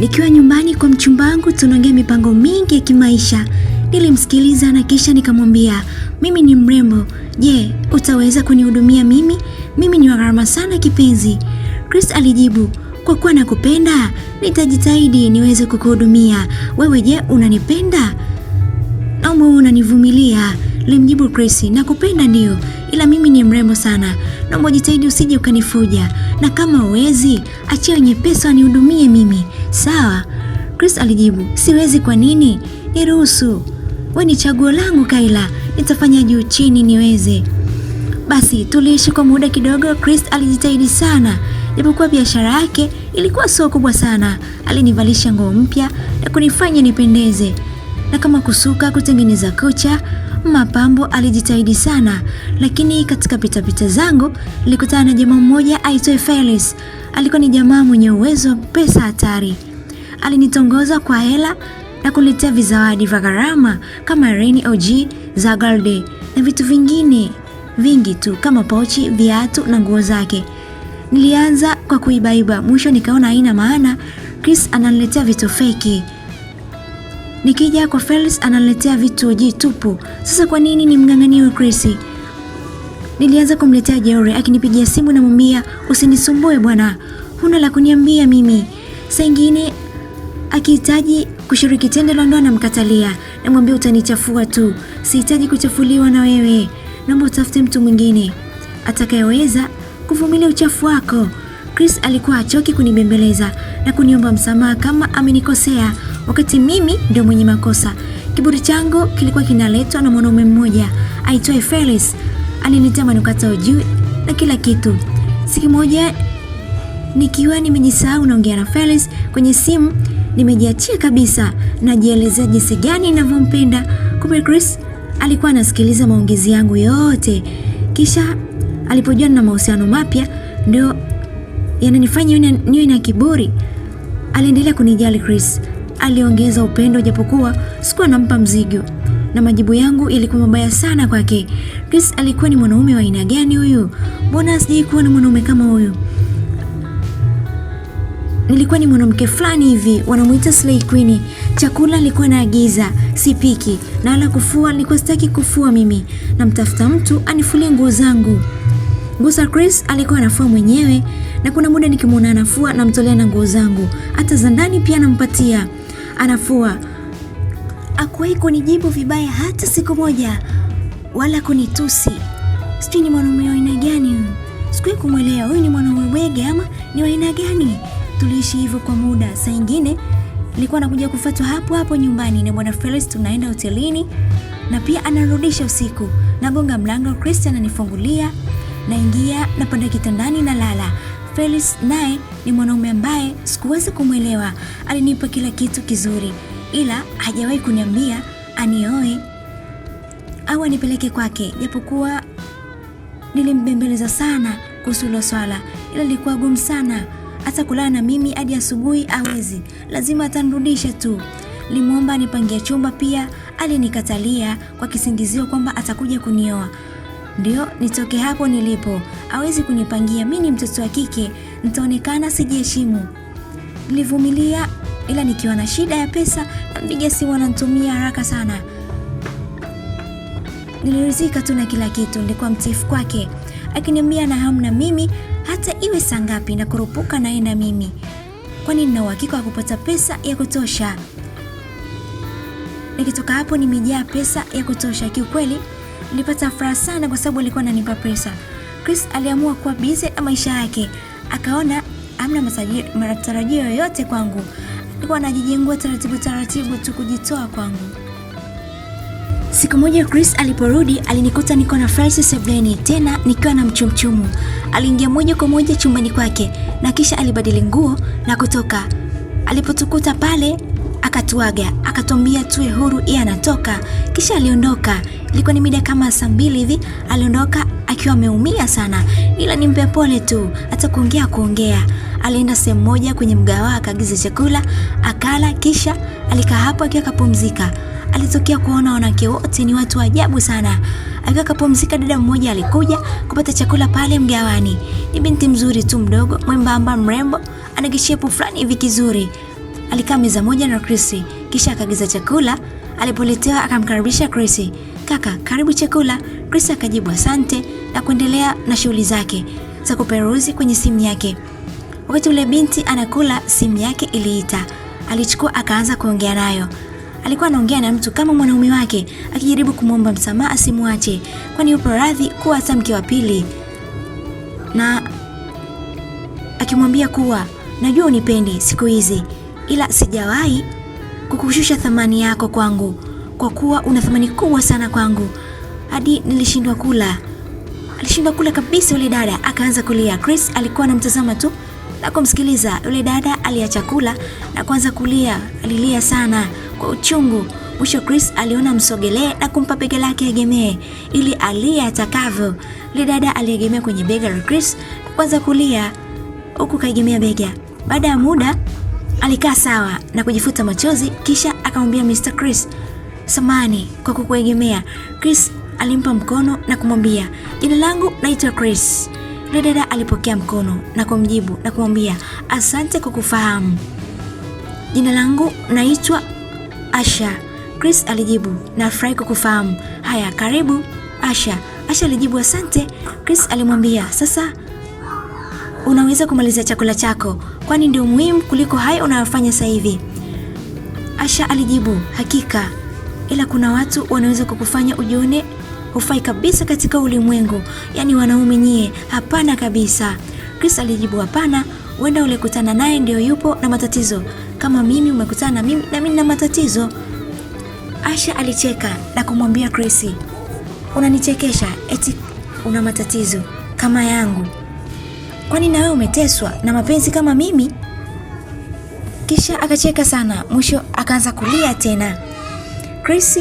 Nikiwa nyumbani kwa mchumba wangu, tunaongea mipango mingi ya kimaisha. Nilimsikiliza na kisha nikamwambia, mimi ni mrembo, je, utaweza kunihudumia mimi? Mimi ni wa gharama sana kipenzi. Chris alijibu, kwa kuwa nakupenda, nitajitahidi niweze kukuhudumia. Wewe je, unanipenda au wewe unanivumilia? limjibu Chris, nakupenda ndio ila mimi ni mrembo sana, naomba jitahidi usije ukanifuja na kama uwezi, achia wenye pesa wanihudumie mimi, sawa? Chris alijibu, siwezi. Kwa nini? Niruhusu, we ni chaguo langu Kaila, nitafanya juu chini niweze. Basi tuliishi kwa muda kidogo. Chris alijitahidi sana, japokuwa biashara yake ilikuwa sio kubwa sana. Alinivalisha nguo mpya na kunifanya nipendeze, na kama kusuka, kutengeneza kucha Mapambo alijitahidi sana, lakini katika pitapita zangu nilikutana na jamaa mmoja aitwaye Felix. Alikuwa ni jamaa mwenye uwezo pesa hatari. Alinitongoza kwa hela na kuniletea vizawadi vya gharama kama Reni OG za Garde na vitu vingine vingi tu kama pochi, viatu na nguo zake. Nilianza kwa kuibaiba, mwisho nikaona haina maana. Chris ananiletea vitu fake. Nikija kwa Felix ananiletea vitu jitupu. Sasa kwa nini nimng'ang'anie Chris? Nilianza kumletea jeuri, akinipigia simu na mumia, usinisumbue bwana, huna la kuniambia mimi. Saa ingine akihitaji kushiriki tendo la ndoa namkatalia, namwambia utanichafua tu, sihitaji kuchafuliwa na wewe, naomba utafute mtu mwingine atakayeweza kuvumilia uchafu wako. Chris alikuwa achoki kunibembeleza na kuniomba msamaha kama amenikosea wakati mimi ndio mwenye makosa. Kiburi changu kilikuwa kinaletwa na mwanaume mmoja aitwaye Felix, alinitia manukato juu na kila kitu. Siku moja nikiwa nimejisahau, naongea na Felix kwenye simu, nimejiachia kabisa, najielezea jinsi gani ninavyompenda. Kumbe Chris alikuwa anasikiliza maongezi yangu yote, kisha alipojua na mahusiano mapya ndio yananifanya niwe na kiburi. Aliendelea kunijali Chris aliongeza upendo, japokuwa sikuwa nampa mzigo na majibu yangu ilikuwa mabaya sana kwake. Chris alikuwa ni mwanaume wa aina gani huyu? Mbona sijai kuwa na mwanaume kama huyu? Nilikuwa ni mwanamke fulani hivi wanamuita Slay Queen. Chakula alikuwa naagiza, sipiki, na ala kufua nilikuwa sitaki kufua mimi, namtafuta mtu anifulie nguo zangu. Gusa Chris alikuwa anafua mwenyewe, na kuna muda nikimwona anafua namtolea na nguo zangu, hata za ndani pia nampatia anafua. Akuwahi kunijibu vibaya hata siku moja, wala kunitusi. Sijui ni mwanaume wa aina gani huyu, sikuwahi kumwelewa. Huyu ni mwanaume bwege ama ni wa aina gani? Tuliishi hivyo kwa muda. Saa ingine nilikuwa nakuja kufuatwa hapo hapo nyumbani na bwana Felix, tunaenda hotelini na pia anarudisha usiku. Nabonga mlango, Christian ananifungulia, naingia, napanda kitandani na lala. Felis naye ni mwanaume ambaye sikuweza kumwelewa. Alinipa kila kitu kizuri, ila hajawahi kuniambia anioe au anipeleke kwake, japokuwa nilimbembeleza sana kuhusu hilo swala, ila lilikuwa gumu sana. Hata kulala na mimi hadi asubuhi awezi lazima atanrudisha tu. Nilimwomba anipangia chumba pia, alinikatalia kwa kisingizio kwamba atakuja kunioa ndio nitoke hapo nilipo, awezi kunipangia. Mi ni mtoto wa kike, nitaonekana sijiheshimu. Nilivumilia, ila nikiwa na shida ya pesa nampiga simu, ananitumia haraka sana. nilirizika tu na kila kitu, nilikuwa mtifu kwake, akiniambia na hamna mimi, hata iwe saa ngapi na kurupuka naenda mimi, kwani nina uhakika wa kupata pesa ya kutosha. Nikitoka hapo nimejaa pesa ya kutosha kiukweli nilipata furaha sana kwa sababu alikuwa ananipa pesa. Chris aliamua kuwa bize na maisha yake, akaona amna matarajio yoyote kwangu, alikuwa anajijengua taratibu taratibu tu kujitoa kwangu. Siku moja Chris aliporudi alinikuta niko na Francis sebuleni, tena nikiwa na mchumchumu. Aliingia moja kwa moja chumbani kwake na kisha alibadili nguo na kutoka. Alipotukuta pale akatuaga, akatuambia tuwe huru, yeye anatoka, kisha aliondoka. Ilikuwa ni mida kama saa mbili hivi, aliondoka akiwa ameumia sana, ila ni mpepole tu, hata kuongea kuongea. Alienda sehemu moja kwenye mgahawa akaagiza chakula akala, kisha alikaa hapo akiwa kapumzika. Alitokea kuona wanawake wote ni watu ajabu sana. Akiwa kapumzika, dada mmoja alikuja kupata chakula pale mgawani. Ni binti mzuri tu, mdogo mwembamba, mrembo, ana kishepu fulani hivi kizuri. Alikaa meza moja na Chris, kisha akaagiza chakula. Alipoletewa akamkaribisha Chris kaka, karibu chakula. Chris akajibu asante na kuendelea na shughuli zake za kuperuzi kwenye simu yake. Wakati ule binti anakula, simu yake iliita. Alichukua akaanza kuongea nayo. Alikuwa anaongea na mtu kama mwanaume wake, akijaribu kumwomba msamaha asimwache, kwani yupo radhi kuwa hata mke wa pili, na akimwambia kuwa najua unipendi siku hizi, ila sijawahi kukushusha thamani yako kwangu kwa kuwa una thamani kubwa sana kwangu hadi nilishindwa kula. Alishindwa kula kabisa yule dada, akaanza kulia. Chris alikuwa anamtazama tu na kumsikiliza. Yule dada aliacha kula na kuanza kulia, alilia sana kwa uchungu. Mwisho Chris aliona msogelee na kumpa bega lake egemee ili alie atakavyo. Yule dada aliegemea kwenye bega la Chris na kuanza kulia huku kaegemea bega. Baada ya muda alikaa sawa na kujifuta machozi, kisha akamwambia Mr. Chris samani kwa kukuegemea. Chris alimpa mkono na kumwambia, jina langu naitwa Chris. Dada alipokea mkono na kumjibu na kumwambia, asante kwa kufahamu, jina langu naitwa Asha. Chris alijibu, nafurahi kwa kufahamu. Haya, karibu Asha. Asha alijibu asante. Chris alimwambia, sasa unaweza kumalizia chakula chako, kwani ndio muhimu kuliko haya unayofanya sasa hivi. Asha alijibu, hakika ila kuna watu wanaweza kukufanya ujione hufai kabisa katika ulimwengu, yaani wanaume nyie, hapana kabisa. Chris alijibu hapana, huenda ulikutana naye ndio yupo na matatizo kama mimi, umekutana na mimi na mimi na matatizo. Asha alicheka na kumwambia Chris, unanichekesha eti una matatizo kama yangu? Kwani na wewe umeteswa na mapenzi kama mimi? Kisha akacheka sana, mwisho akaanza kulia tena. Chris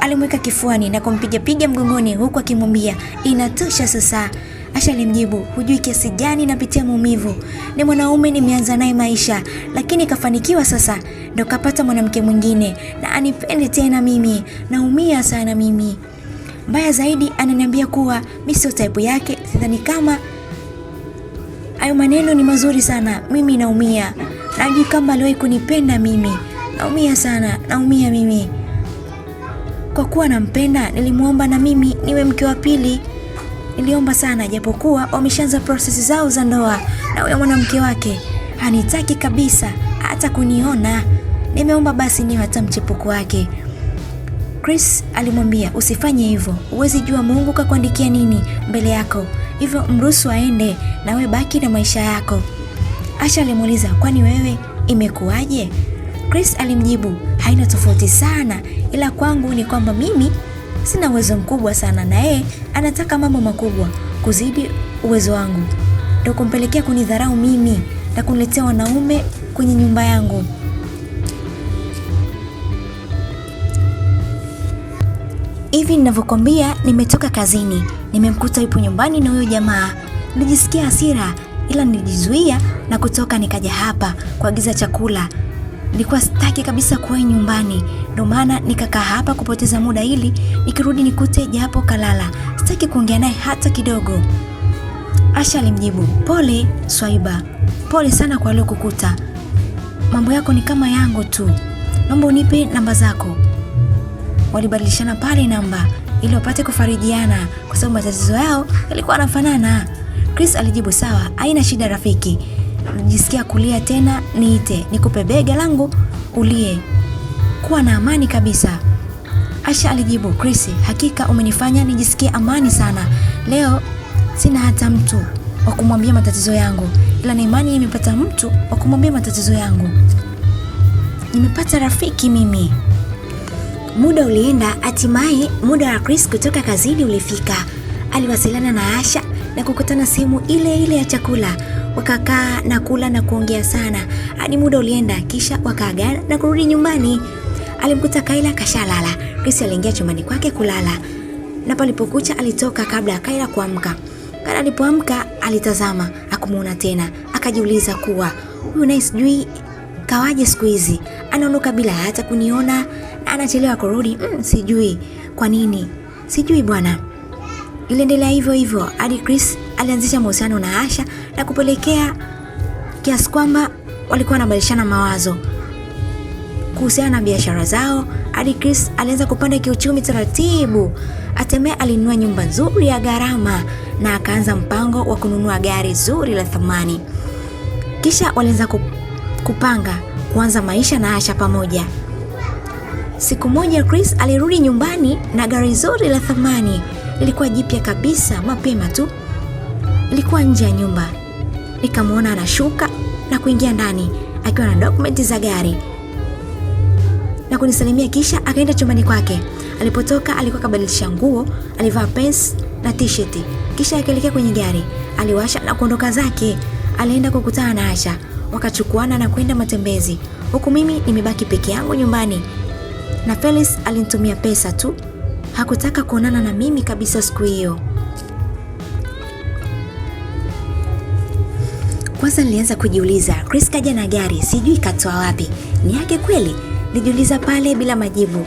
alimweka kifuani na kumpigapiga mgongoni huku akimwambia inatosha sasa. Asha alimjibu hujui kiasi gani napitia maumivu, ni mwanaume nimeanza naye maisha, lakini kafanikiwa sasa, ndo kapata mwanamke mwingine na anipende tena mimi, naumia sana mimi. Mbaya zaidi ananiambia kuwa mi sio type yake, sidhani kama hayo maneno ni mazuri sana. Mimi naumia, najui kama aliwahi kunipenda mimi, naumia sana, naumia mimi kwa kuwa nampenda, nilimwomba na mimi niwe mke wa pili. Niliomba sana, japokuwa wameshaanza prosesi zao za ndoa na huyo mwanamke wake. Hanitaki kabisa hata kuniona. Nimeomba basi niwe hata mchepuko wake. Chris alimwambia usifanye hivyo, huwezi jua Mungu kakuandikia nini mbele yako, hivyo mruhusu aende na we baki na maisha yako. Asha alimuuliza kwani wewe imekuwaje? Chris alimjibu, haina tofauti sana, ila kwangu ni kwamba mimi sina uwezo mkubwa sana na yeye anataka mambo makubwa kuzidi uwezo wangu, ndio kumpelekea kunidharau mimi na kuniletea wanaume kwenye nyumba yangu. Hivi ninavyokwambia, nimetoka kazini, nimemkuta yupo nyumbani na huyo jamaa. Nilijisikia hasira, ila nilijizuia na kutoka, nikaja hapa kuagiza chakula nilikuwa sitaki kabisa kuwahi nyumbani, ndio maana nikakaa hapa kupoteza muda ili nikirudi nikute japo kalala. Sitaki kuongea naye hata kidogo. Asha alimjibu, pole Swaiba, pole sana kwa aliokukuta. Mambo yako ni kama yangu tu, naomba unipe namba zako. Walibadilishana pale namba ili wapate kufarijiana, kwa sababu matatizo yao yalikuwa yanafanana. Chris alijibu sawa, haina shida rafiki jisikia kulia tena, niite nikupe bega langu ulie, kuwa na amani kabisa. Asha alijibu, Chris, hakika umenifanya nijisikie amani sana leo. Sina hata mtu wa kumwambia matatizo yangu, ila na imani nimepata mtu wa kumwambia matatizo yangu. Nimepata rafiki mimi. Muda ulienda, hatimaye muda wa Chris kutoka kazini ulifika. Aliwasiliana na Asha na kukutana sehemu ile ile ya chakula. Wakakaa na kula na kuongea sana hadi muda ulienda, kisha wakaagana na kurudi nyumbani. Alimkuta Kaila kashalala. Chris aliingia chumbani kwake kulala, na palipokucha alitoka kabla ya Kaila kuamka. Kaila alipoamka alitazama, akumuona tena, akajiuliza kuwa huyu naye sijui kawaje siku hizi, anaondoka bila hata kuniona na anachelewa kurudi. Mm, sijui kwa nini, sijui bwana. Iliendelea hivyo hivyo hadi Chris alianzisha mahusiano na Asha na kupelekea kiasi kwamba walikuwa wanabadilishana mawazo kuhusiana na biashara zao hadi Chris alianza kupanda kiuchumi taratibu. Ateme alinunua nyumba nzuri ya gharama na akaanza mpango wa kununua gari zuri la thamani. Kisha walianza kupanga kuanza maisha na Asha pamoja. Siku moja Chris alirudi nyumbani na gari zuri la thamani, lilikuwa jipya kabisa mapema tu. Alikuwa nje ya nyumba, nikamwona anashuka na kuingia ndani akiwa na dokumenti za gari na kunisalimia, kisha akaenda chumbani kwake. Alipotoka alikuwa kabadilisha nguo, alivaa pants na t-shirt, kisha akaelekea kwenye gari, aliwasha na kuondoka zake. Alienda kukutana na Asha, wakachukuana na kwenda matembezi, huku mimi nimebaki peke yangu nyumbani, na Felix alinitumia pesa tu, hakutaka kuonana na mimi kabisa siku hiyo. Kwanza nilianza kujiuliza, Chris kaja na gari, sijui katoa wapi, ni yake kweli? Nijiuliza pale bila majibu.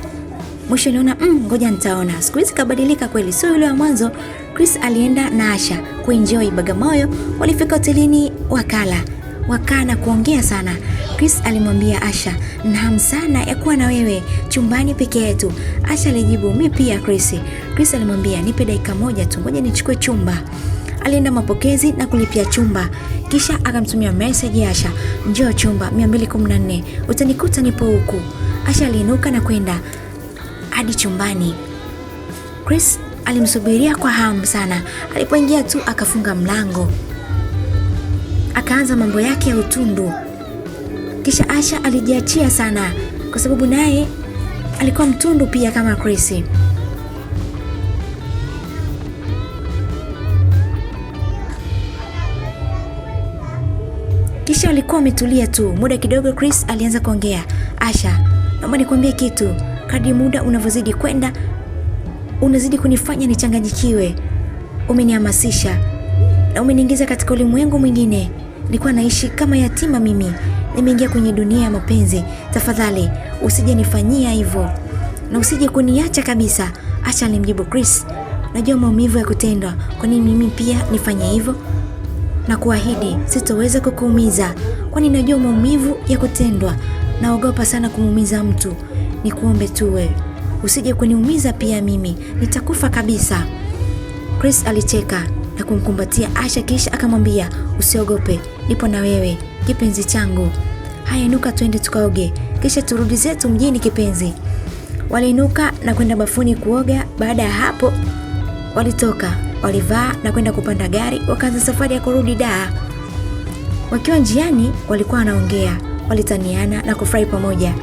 Mwisho niona mm, ngoja nitaona. Siku hizi kabadilika kweli, sio yule wa mwanzo. Chris alienda na Asha kuenjoy Bagamoyo, walifika hotelini wakala wakaa na kuongea sana. Chris alimwambia Asha, naam sana ya kuwa na wewe chumbani peke yetu. Asha alijibu, mi pia Chris. Chris alimwambia, nipe dakika moja tu, ngoja nichukue chumba alienda mapokezi na kulipia chumba, kisha akamtumia message Asha, njoo chumba 214 utanikuta nipo huku. Asha aliinuka na kwenda hadi chumbani. Chris alimsubiria kwa hamu sana. Alipoingia tu akafunga mlango, akaanza mambo yake ya utundu. Kisha Asha alijiachia sana, kwa sababu naye alikuwa mtundu pia kama Chrissy. Asha alikuwa ametulia tu. Muda kidogo, Chris alianza kuongea. Asha, naomba nikwambie kitu. Kadri muda unavyozidi kwenda, unazidi kunifanya nichanganyikiwe. Umenihamasisha na umeniingiza katika ulimwengu mwingine. Nilikuwa naishi kama yatima mimi, nimeingia kwenye dunia ya mapenzi. Tafadhali usije nifanyia hivyo na usije kuniacha kabisa. Asha alimjibu Chris, najua maumivu ya kutendwa. Kwa nini mimi pia nifanye hivyo? na kuahidi sitoweza kukuumiza, kwani najua maumivu ya kutendwa. Naogopa sana kumuumiza mtu. Nikuombe tu wewe usije kuniumiza pia, mimi nitakufa kabisa. Chris alicheka na kumkumbatia Asha kisha akamwambia, usiogope, nipo na wewe kipenzi changu. Haya, inuka twende tukaoge, kisha turudi zetu mjini kipenzi. Waliinuka na kwenda bafuni kuoga. Baada ya hapo walitoka. Walivaa na kwenda kupanda gari, wakaanza safari ya kurudi Dar. Wakiwa njiani, walikuwa wanaongea, walitaniana na kufurahi pamoja.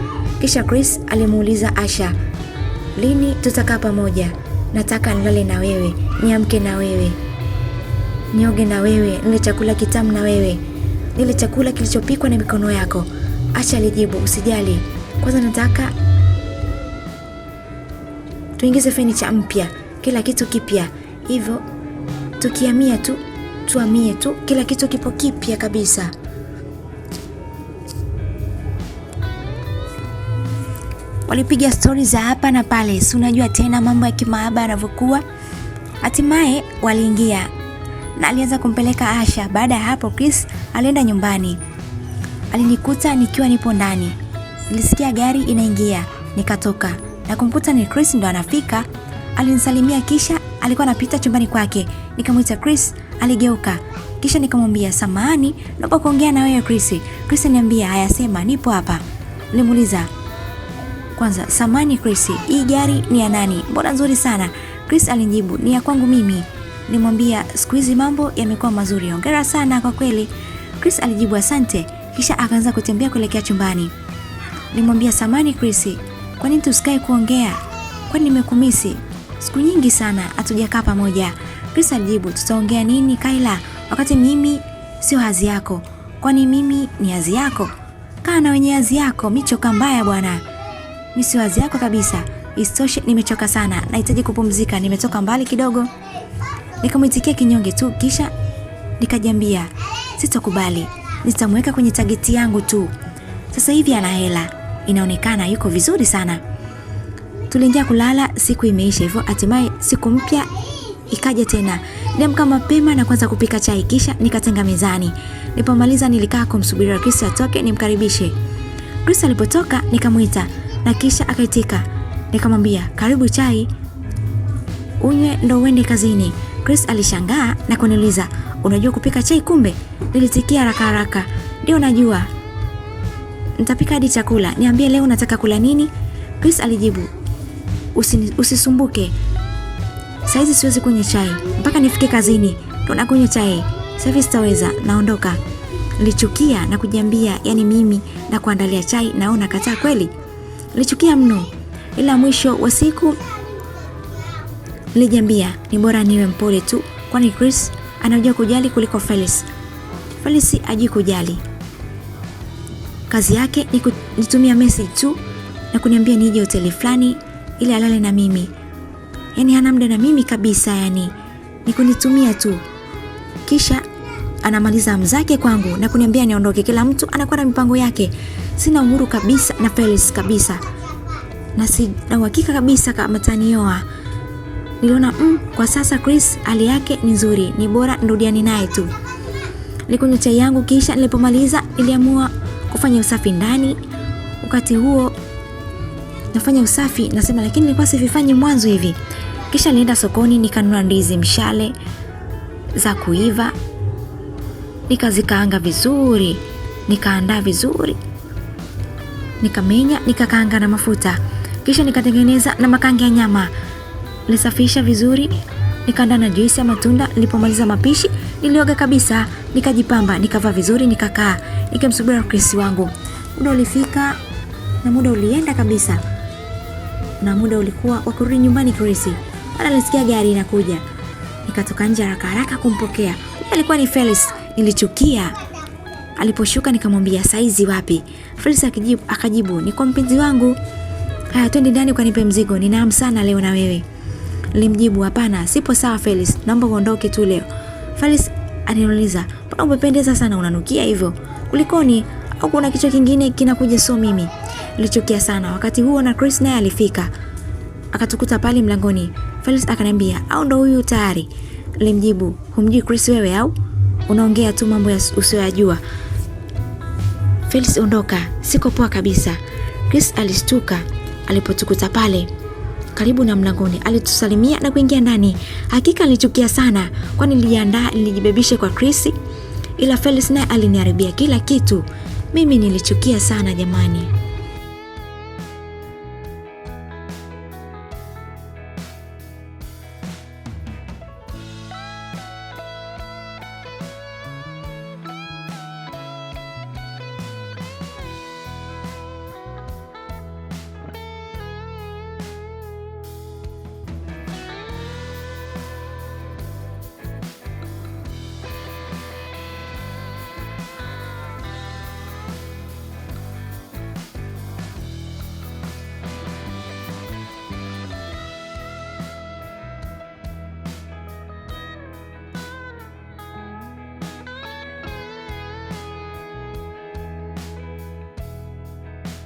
Kisha Chris alimuuliza Asha, lini tutakaa pamoja? Nataka nilale na wewe, niamke na wewe, nioge na wewe, nile chakula kitamu na wewe, nile chakula kilichopikwa na mikono yako. Asha alijibu, usijali, kwanza nataka tuingize fenicha mpya, kila kitu kipya hivyo tukiamia tu tuamie tu, kila kitu kipo kipya kabisa. Walipiga stori za hapa na pale, si unajua tena mambo ya kimaaba yanavyokuwa. Hatimaye waliingia na alianza kumpeleka Asha. Baada ya hapo, Chris alienda nyumbani, alinikuta nikiwa nipo ndani. Nilisikia gari inaingia, nikatoka na kumkuta ni Chris ndo anafika. Alinisalimia kisha alikuwa anapita chumbani kwake, nikamwita Chris, aligeuka kisha nikamwambia samani, naomba kuongea na wewe Chris. Chris aniambia haya sema, nipo hapa. Nilimuuliza kwanza, samani Chris, hii gari ni ya nani? Mbona nzuri sana? Chris alinijibu, ni ya kwangu mimi. Nimwambia, siku hizi mambo yamekuwa mazuri, hongera sana kwa kweli. Chris alijibu asante, kisha akaanza kutembea kuelekea chumbani. Nimwambia, samani Chris, kwa nini tusikae kuongea? Kwani nimekumisi? siku nyingi sana hatujakaa pamoja. Chris alijibu, tutaongea nini Kaila wakati mimi sio hazi yako? Kwani mimi ni hazi yako? Kaa na wenye hazi yako, michoka mbaya bwana. Mi sio hazi yako kabisa. Isitoshe nimechoka sana, nahitaji kupumzika, nimetoka mbali kidogo. Nikamwitikia kinyonge tu, kisha nikajiambia sitokubali, nitamweka kwenye tageti yangu tu. Sasa hivi ana hela, inaonekana yuko vizuri sana. Tuliingia kulala, siku imeisha hivyo. Hatimaye siku mpya ikaja tena. Niamka mapema na kuanza kupika chai, kisha nikatenga mezani. Nilipomaliza nilikaa kumsubiria Kristo atoke nimkaribishe. Kristo alipotoka nikamwita na kisha akaitika. Nikamwambia, "Karibu chai. Unywe ndo uende kazini." Chris alishangaa na kuniuliza, "Unajua kupika chai kumbe?" Nilitikia haraka haraka, "Ndio najua. Nitapika hadi chakula. Niambie leo unataka kula nini?" Chris alijibu, usisumbuke. Saizi siwezi kunywa chai mpaka nifike kazini. kunywa chai sahivi, sitaweza, naondoka. lichukia na kujiambia, yani mimi na kuandalia chai naona kataa kweli. lichukia mno, ila mwisho wa siku lijiambia ni bora niwe mpole tu, kwani Chris anajua kujali kuliko Felix. Felix ajui kujali, kazi yake ni kutumia message tu na kuniambia nije hoteli fulani ili alale na mimi. Yaani hana muda na mimi kabisa, yani ni kunitumia tu, kisha anamaliza mzake kwangu na kuniambia niondoke. Kila mtu anakuwa na mipango yake, sina uhuru kabisa na Felix kabisa, na sina uhakika kabisa kama tanioa. Niliona mm, kwa sasa Chris hali yake ni nzuri, ni bora nirudiane naye tu. Nilikunywa chai yangu, kisha nilipomaliza niliamua kufanya usafi ndani. Wakati huo nafanya usafi, nasema lakini nilikuwa sivifanyi mwanzo hivi. Kisha nilienda sokoni nikanunua ndizi mshale za kuiva, nikazikaanga vizuri, nikaandaa vizuri, nikamenya, nikakaanga na mafuta, kisha nikatengeneza na makange ya nyama, nilisafisha vizuri, nikaandaa na juisi ya matunda. Nilipomaliza mapishi, nilioga kabisa, nikajipamba, nikavaa vizuri, nikakaa, nikamsubira Chris wangu. Muda ulifika na muda ulienda kabisa na muda ulikuwa wa kurudi nyumbani Chris. Mara nilisikia gari inakuja, nikatoka nje haraka haraka kumpokea. Alikuwa ni Felix. Nilichukia aliposhuka, nikamwambia saizi wapi? Felix akijibu akajibu ni kwa mpenzi wangu. Haya, twende ndani ukanipe mzigo, ninaam sana leo na wewe. Nilimjibu hapana, sipo sawa Felix, naomba uondoke tu leo. Felix aliniuliza mbona umependeza sana unanukia hivyo, kulikoni? Au kuna kichwa kingine kinakuja? sio mimi Nilichukia sana. Wakati huo na Chris naye alifika akatukuta pale mlangoni. Felix akaniambia, au ndo huyu tayari? Nilimjibu, humjui Chris wewe au unaongea tu mambo usiyoyajua? Felix, ondoka, siko poa kabisa. Chris alistuka alipotukuta pale karibu na mlangoni, alitusalimia na kuingia ndani. Hakika alichukia sana, kwani nilijiandaa nilijibebishe kwa Chris, ila Felix naye aliniharibia kila kitu. Mimi nilichukia sana jamani.